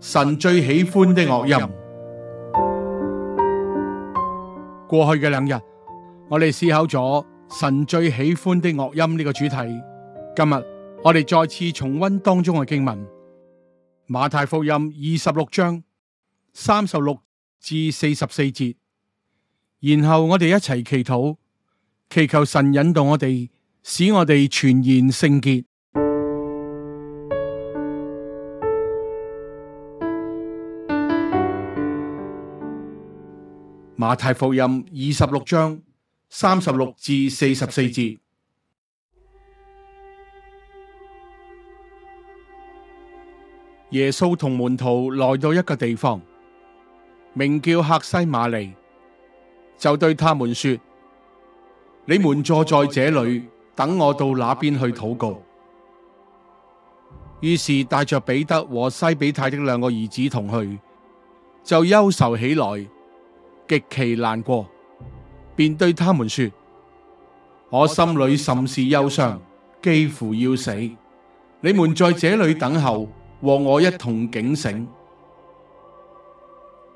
神最喜歡的樂音。過去嘅兩日，我哋思考咗神最喜歡的樂音呢、這個主題。今日我哋再次重溫當中嘅經文《馬太福音》二十六章三十六至四十四節，然後我哋一齊祈禱，祈求神引導我哋，使我哋傳言聖潔。馬太福音二十六章三十六至四十四節，耶穌同門徒來到一個地方，名叫客西馬尼，就對他們說：你們坐在這裏，等我到那邊去禱告。於是帶着彼得和西庇太的兩個兒子同去，就憂愁起來。極其難過，便對他們說：我心裏甚是憂傷，幾乎要死。你們在這裏等候，和我一同警醒。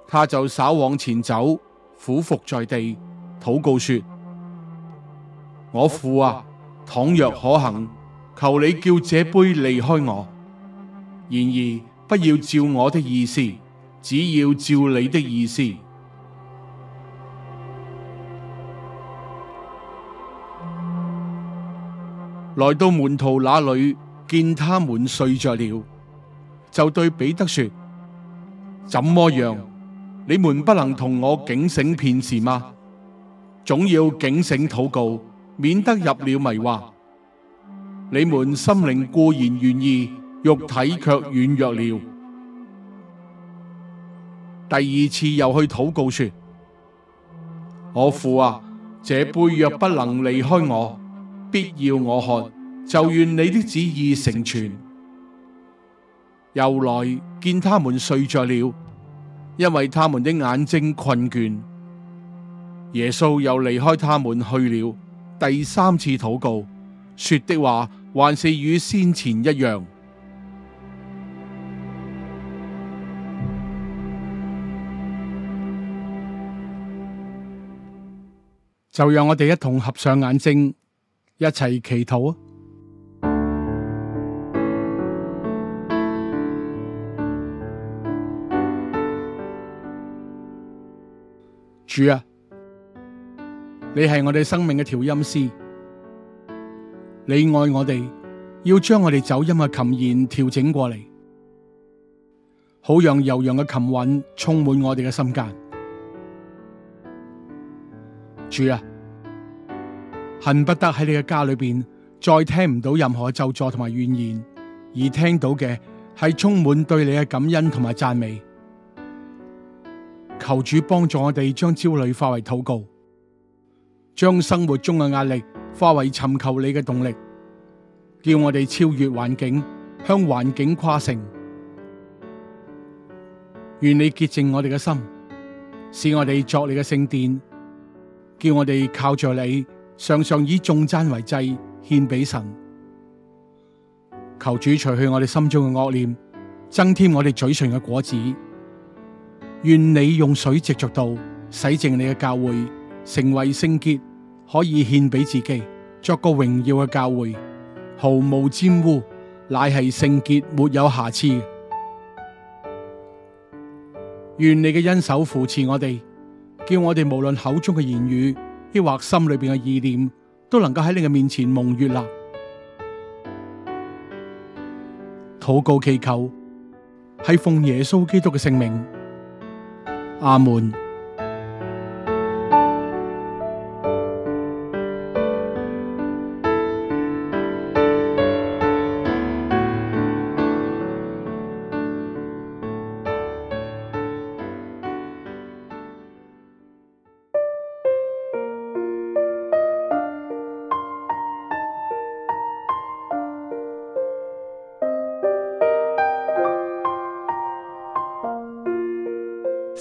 他就稍往前走，俯伏在地，禱告說：我父啊，倘若可行，求你叫這杯離開我。然而不要照我的意思，只要照你的意思。來到門徒那裏，見他們睡着了，就對彼得說：怎麼樣，你們不能同我警醒片時嗎？總要警醒禱告，免得入了迷惑。你們心靈固然願意，肉體卻軟弱了。第二次又去禱告說：我父啊，這杯若不能離開我。必要我喝，就願你的旨意成全。又來見他們睡着了，因為他們的眼睛困倦。耶穌又離開他們去了，第三次禱告，說的話還是與先前一樣。就讓我哋一同合上眼睛。一齊祈禱啊！主啊，你係我哋生命嘅調音師，你愛我哋，要將我哋走音嘅琴弦調整過嚟，好讓悠揚嘅琴韻充滿我哋嘅心間。主啊！恨不得喺你嘅家裏邊再聽唔到任何嘅咒詛同埋怨言，而聽到嘅係充滿對你嘅感恩同埋讚美。求主幫助我哋將焦慮化為禱告，將生活中嘅壓力化為尋求你嘅動力，叫我哋超越環境，向環境跨城。願你潔淨我哋嘅心，使我哋作你嘅聖殿，叫我哋靠著你。常常以頌讚為祭獻俾神，求主除去我哋心中嘅惡念，增添我哋嘴唇嘅果子。願你用水藉著道洗淨你嘅教會，成為聖潔，可以獻俾自己，作個榮耀嘅教會，毫無玷污，乃係聖潔，沒有瑕疵。願你嘅恩手扶持我哋，叫我哋無論口中嘅言語，抑或心裏邊嘅意念都能夠喺你嘅面前蒙悅納，禱告祈求係奉耶穌基督嘅聖名，阿門。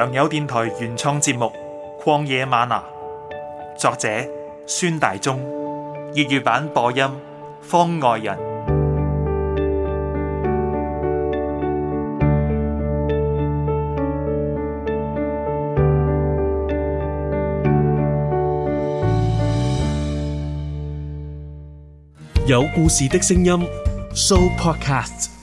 良友電台原創節目《曠野嗎哪》，作者孫大中，粵語版播音方外人，有故事的聲音 Show Podcast。